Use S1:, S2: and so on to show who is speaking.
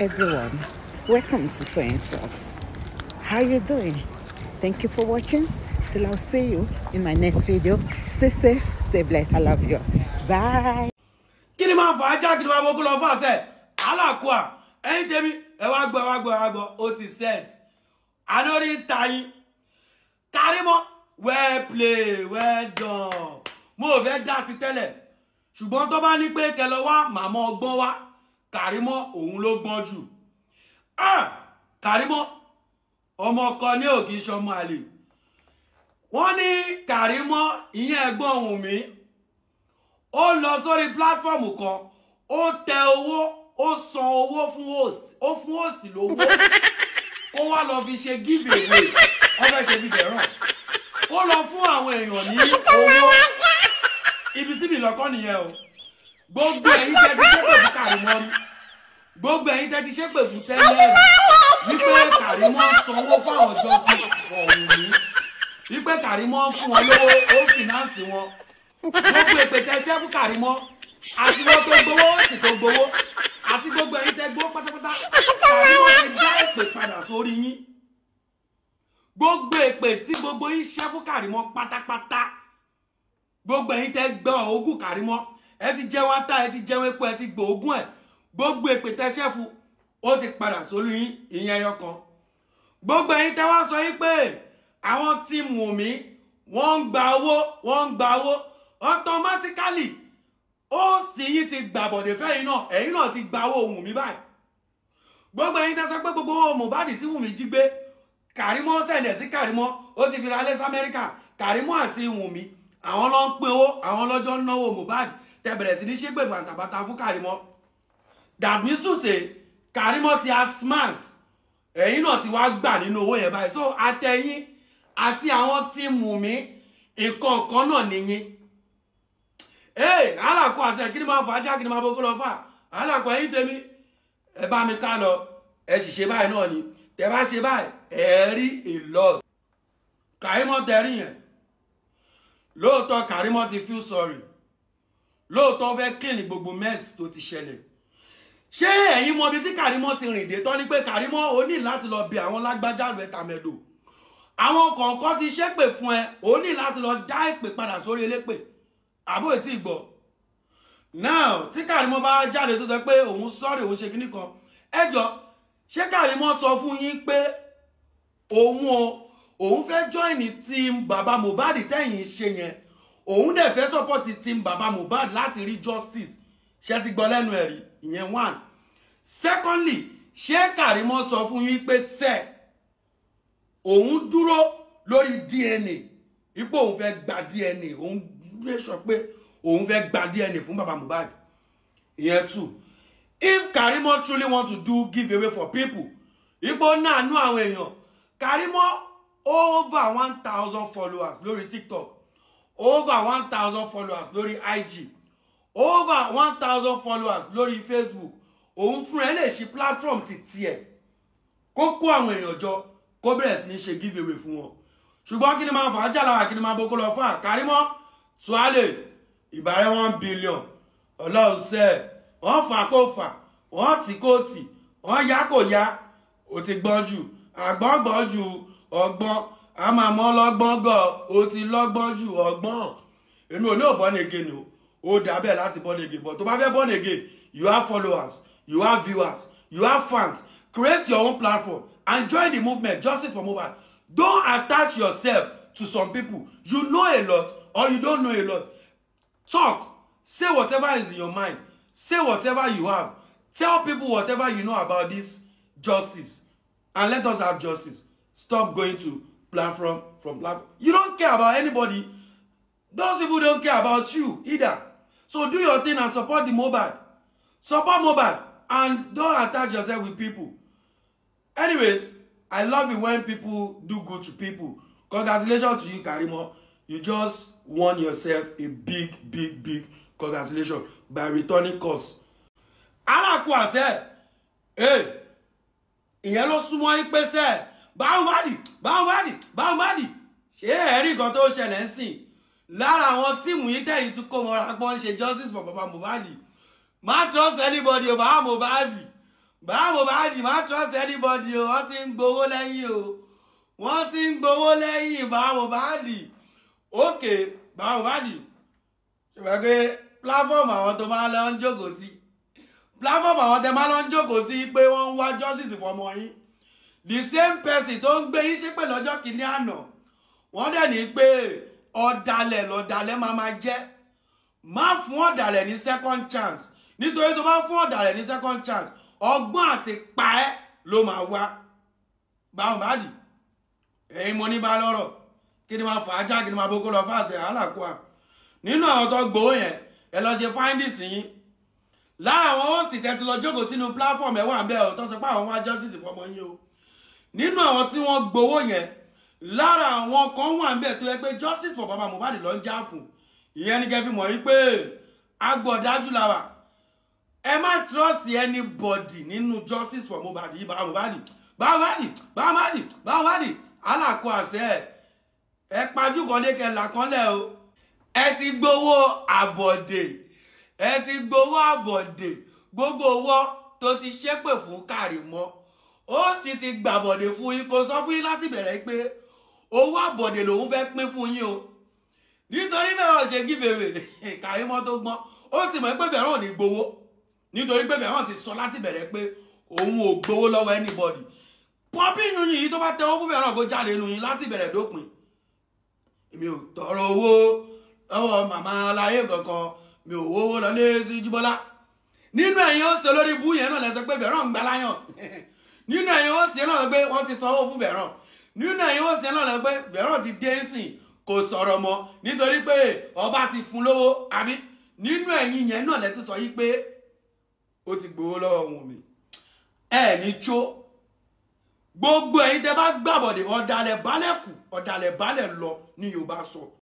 S1: everyone welcome to Twin Talks how you doing thank you for watching till i'll see you in my next video stay safe stay blessed i love you bye kí ni máa fà á já kí ni máa mọ́kú lọ fún àṣẹ alákùá ẹ̀yin tèmi ẹ wá gbọ́ ẹ wá gbọ́ ẹ ti set anori ń Karimo well play well done mo ò fẹ́ dá sí ṣùgbọ́n tó bá ní pé kẹlọ wá màmá ọgbọ́n wá. Kàrímọ́ òun ló gbọ́n jù ah! Kàrímọ́ ọmọ ọkọ ní òkè sọmọ àlè wọ́n ní Kàrímọ́ ìyẹn ẹ̀gbọ́n òun mi ó lọ sórí pílátífọ́ọ̀mù kan ó tẹ owó ó san owó fún host ó fún host lówó kó wá lọ fi ṣe give away wọ́n fẹ́ ṣe fi bẹ̀ràn kó lọ fún àwọn èèyàn ní owó ibi tí mi lọ kọ́ nìyẹn o gbogbo ẹ̀yin tẹ́ ti ṣépè fún Kàrímọ́ rí gbogbo ẹ̀yin tẹ́ ti ṣépè fún tẹ́lẹ̀ wípé Kàrímọ́ sanwó fáwọn ọjọ́ sí ọ̀hún mi wípé Kàrímọ́ fún wọn lówó ó fìnáǹsì wọn gbogbo èpètè ṣẹ́ fún Kàrímọ́ àti wọn tó gbowó ó sì tó gbowó àti gbogbo ẹ̀yin tẹ́ gbowó pátápátá Kàrímọ́ ti dá èpè padà sórí yín gbogbo èpè tí gbogbo yín ṣẹ́ fún Kàrímọ́ pátápátá gbogbo ẹ̀yin tẹ́ gbọ́ ogún Kàrímọ́ ẹ ti jẹun ata ẹ ti jẹun epo ẹ ti gbòógùn ẹ gbogbo èpè tẹṣẹ fún ó ti padà sórí yín ìyẹn ẹyọ kan gbogbo ẹ̀yin tẹ wá sọ yín pé àwọn tíìmù mi wọ́n ń gba owó wọ́n ń gba owó automatically ó sì yín ti gbàbọ̀dé fẹ́yìn náà ẹ̀yin náà ti gba owó Wùmí báyìí gbogbo ẹ̀yin tẹ sọ pé gbogbo owó Mohbad tí Wùmí jí gbé Kàrímọ́ tẹ̀lẹ̀ sí Kàrímọ́ ó ti fi ra lẹ́sí Amẹ́ríkà Kàrímọ́ àti Wùmí àwọn ló ń pín owó àwọn lọ́jọ́ náwó Mohbad tẹ bẹ̀rẹ̀ sí ní ṣe gbẹ̀gbọ̀n àtàbàtà fún Kàrímọ́ that means to say Kàrímọ́ ti act smart ẹ̀yin náà ti wá gbà nínú owó yẹn báyìí so àtẹ̀yìn àti àwọn tí mú mi nǹkan kan náà nìyí ee alako àti ẹ̀kíní máa fọ ajá kìíní máa bọ́ kó lọ fà alako ẹ̀yin tèmi ẹ bá mi ká lọ ẹ sì ṣe báyìí náà ni tẹ bá ṣe báyìí ẹ rí ìlọ Kàrímọ́ tẹrí yẹn lóòótọ́ Kàrímọ́ ti feel sorry lóòótọ́ fẹ́ clean gbogbo mess tó ti ṣẹlẹ̀ ṣé ẹ̀yin mọ ibi tí Kàrímọ́ ti rìn dé tán ni pé Kàrímọ́ o ní láti lọ bí àwọn lágbájá rẹ̀ tàmẹ̀dò àwọn kọ̀ọ̀kan ti ṣépè fún ẹ o ní láti lọ dá èpè padà sórí elépè àbó ètí ìgbọ́ now tí Kàrímọ́ bá jáde tó sọ pé òun sọ́ọ̀rì òun ṣe kíní kan ẹ jọ ṣé Kàrímọ́ sọ fún yín pé òun o òun fẹ́ join team baba Mohbad tẹ̀yìn ṣe yẹn òun dẹ̀ fẹ́ sọ́pọ̀tì team baba Mohbad láti rí justice ṣe ti gbọ́ lẹ́nu ẹ̀rí ìyẹn one secondly ṣé Kàrímọ́ sọ fún yín pé sẹ́ òun dúró lórí DNA ipò òun fẹ́ gba DNA òun lè sọ pé òun fẹ́ gba DNA fún baba Mohbad ìyẹn two if Karimo truly want to do give away for people ipò náà nú àwọn èèyàn Karimo over one thousand followers lórí TikTok over one thousand followers lórí IG over one thousand followers lórí Facebook òun fún ẹ lè ṣe platform ti tiẹ̀ kó kó àwọn èèyàn jọ kó bẹ̀rẹ̀ sí ní ṣe give away fún wọn ṣùgbọ́n kí ni máa fà á jàlára kí ni máa boko lọ fún àkárímọ́ tuale ìbàrẹ́ one billion ọlọ́run sẹ́ wọ́n fà kó fà wọ́n tì kó tì wọ́n yá kó yá ó ti gbọ́n jù àgbọ́n gbọ́n jù ọgbọ́n a máa mọ lọ́gbọ́n gọ̀ o ti lọ́gbọ́n ju ọgbọ́n èmi ò ní ò born again ni o ó dà bẹ́ẹ̀ láti born again but tó bá fẹ́ born again you have followers you have viewers you have fans create your own platform and join the movement justice for mobile. don't attach yourself to some people you know a lot or you don't know a lot talk say whatever is in your mind say whatever you have tell people whatever you know about this justice and let us have justice stop going to platform from from platform. You don't care about anybody. Those people don't care about you either. So do your thing and support the mobile. Support mobile and don't attach yourself with people. Anyways, I love it when people do good to people. Congratulations to you, Karimo. You just won yourself a big, big, big congratulations by returning course. Alákùn àṣẹ, ẹ̀ ìyẹn ló súnmọ́ yín pé sẹ́ẹ̀. Mohbad Mohbad Mohbad ṣé ẹ̀rí kan tó ṣẹlẹ̀ ń sìn lára àwọn tíìmù yìí tẹ̀yìn tún kó mọ́ra pọ́n ṣe justice for baba Mohbad má trust anybody o baba Mohbad baba Mohbad má trust anybody o wọ́n ti ń gbowó lẹ́yìn o wọ́n ti ń gbowó lẹ́yìn baba Mohbad òkè baba Mohbad ṣùgbọ́n pé platform àwọn tó máa lọ ń jókòó sí platform àwọn tẹ máa lọ ń jókòó sí pé wọ́n ń wá justice fọmọ yín the same person tó ń gbé yín ṣépè lọ́jọ́ kìíní àná wọ́n dẹ̀ ní pé ọ̀dàlẹ̀ lọ̀dàlẹ̀ máa máa jẹ́ má fún ọ̀dàlẹ̀ ní second chance nítorí tó bá fún ọ̀dàlẹ̀ ní second chance ọgbọ́n àti pa ẹ́ ló máa wá báwọn bá dì ẹ̀yin mo ní bá lọ́rọ̀ kí ni máa fà á já kí ni máa boko lọ fáṣẹ àlàkùà nínú àwọn tó gbowó yẹn ẹ lọ ṣe findings yín lára àwọn hóòsì tẹ́tí lọ jókòó sínú platform ẹ̀ wà ń sọ pé àwọn wá justice fọmọ yín o nínú àwọn tí wọ́n gbowó yẹn lára àwọn kan wà níbẹ̀ tó yẹ pé justice for baba Mohbad ló ń jà fún ìyẹn ni kẹ́ fi mọ̀ wípé agbọ̀dájú la wà ẹ má trust anybody nínú justice for Mohbad yìí baba Mohbad baba Mohbad baba Mohbad baba Mohbad alákó àṣẹ ẹ ẹ pajú kọ́ndé kẹlà kọ́lẹ̀ o ẹ ti gbowó àbọ̀dè ẹ ti gbowó àbọ̀dè gbogbo owó tó ti ṣépè fún Kàrímọ́ ó sì ti gbàbọ̀dẹ̀ fún yín kò sọ fún yín láti bẹ̀rẹ̀ pé owó àbọ̀dẹ̀ lòun fẹ́ pín fún yín o nítorí fẹ́ràn ṣe gíbèrè kàrímọ́ tó gbọ́n ó ti mọ̀ pé fẹ́ràn ò ní gbowó nítorí pé fẹ́ràn ti sọ láti bẹ̀rẹ̀ pé òun ò gbowó lọ́wọ́ anybody pọ́pí yun yìí tó bá tẹ owó fún fẹ́ràn kó jáde nu yín láti bẹ̀rẹ̀ dópin mi ò tọrọ owó lọ́wọ́ màmá aláyé kankan mi ò wówó lọlé sí jùbọ́lá nínú ẹ̀yin ó ṣe lórí bú yẹn náà lẹ́sẹ̀ pé fẹ́ràn ń gbà láyàn nínú ẹ̀yìn wọ́n sì ń lọ́nà pé wọ́n ti sanwó fún bẹ̀ràn nínú ẹ̀yìn wọ́n sì ń lọ́nà pé bẹ̀ràn ti dé ń sìn kò sọ̀rọ̀ mọ́ nítorí pé ọba ti fún lówó àbí nínú ẹ̀yìn yẹn náà lẹ́tún sọ yí pé ó ti gbowó lọ́wọ́ Wùnmí ẹ ní tso gbogbo ẹ̀yin tẹ́ bá gbàbọ̀dé ọ̀dàlẹ̀ balẹ̀ kù ọ̀dàlẹ̀ balẹ̀ lọ ni Yorùbá sọ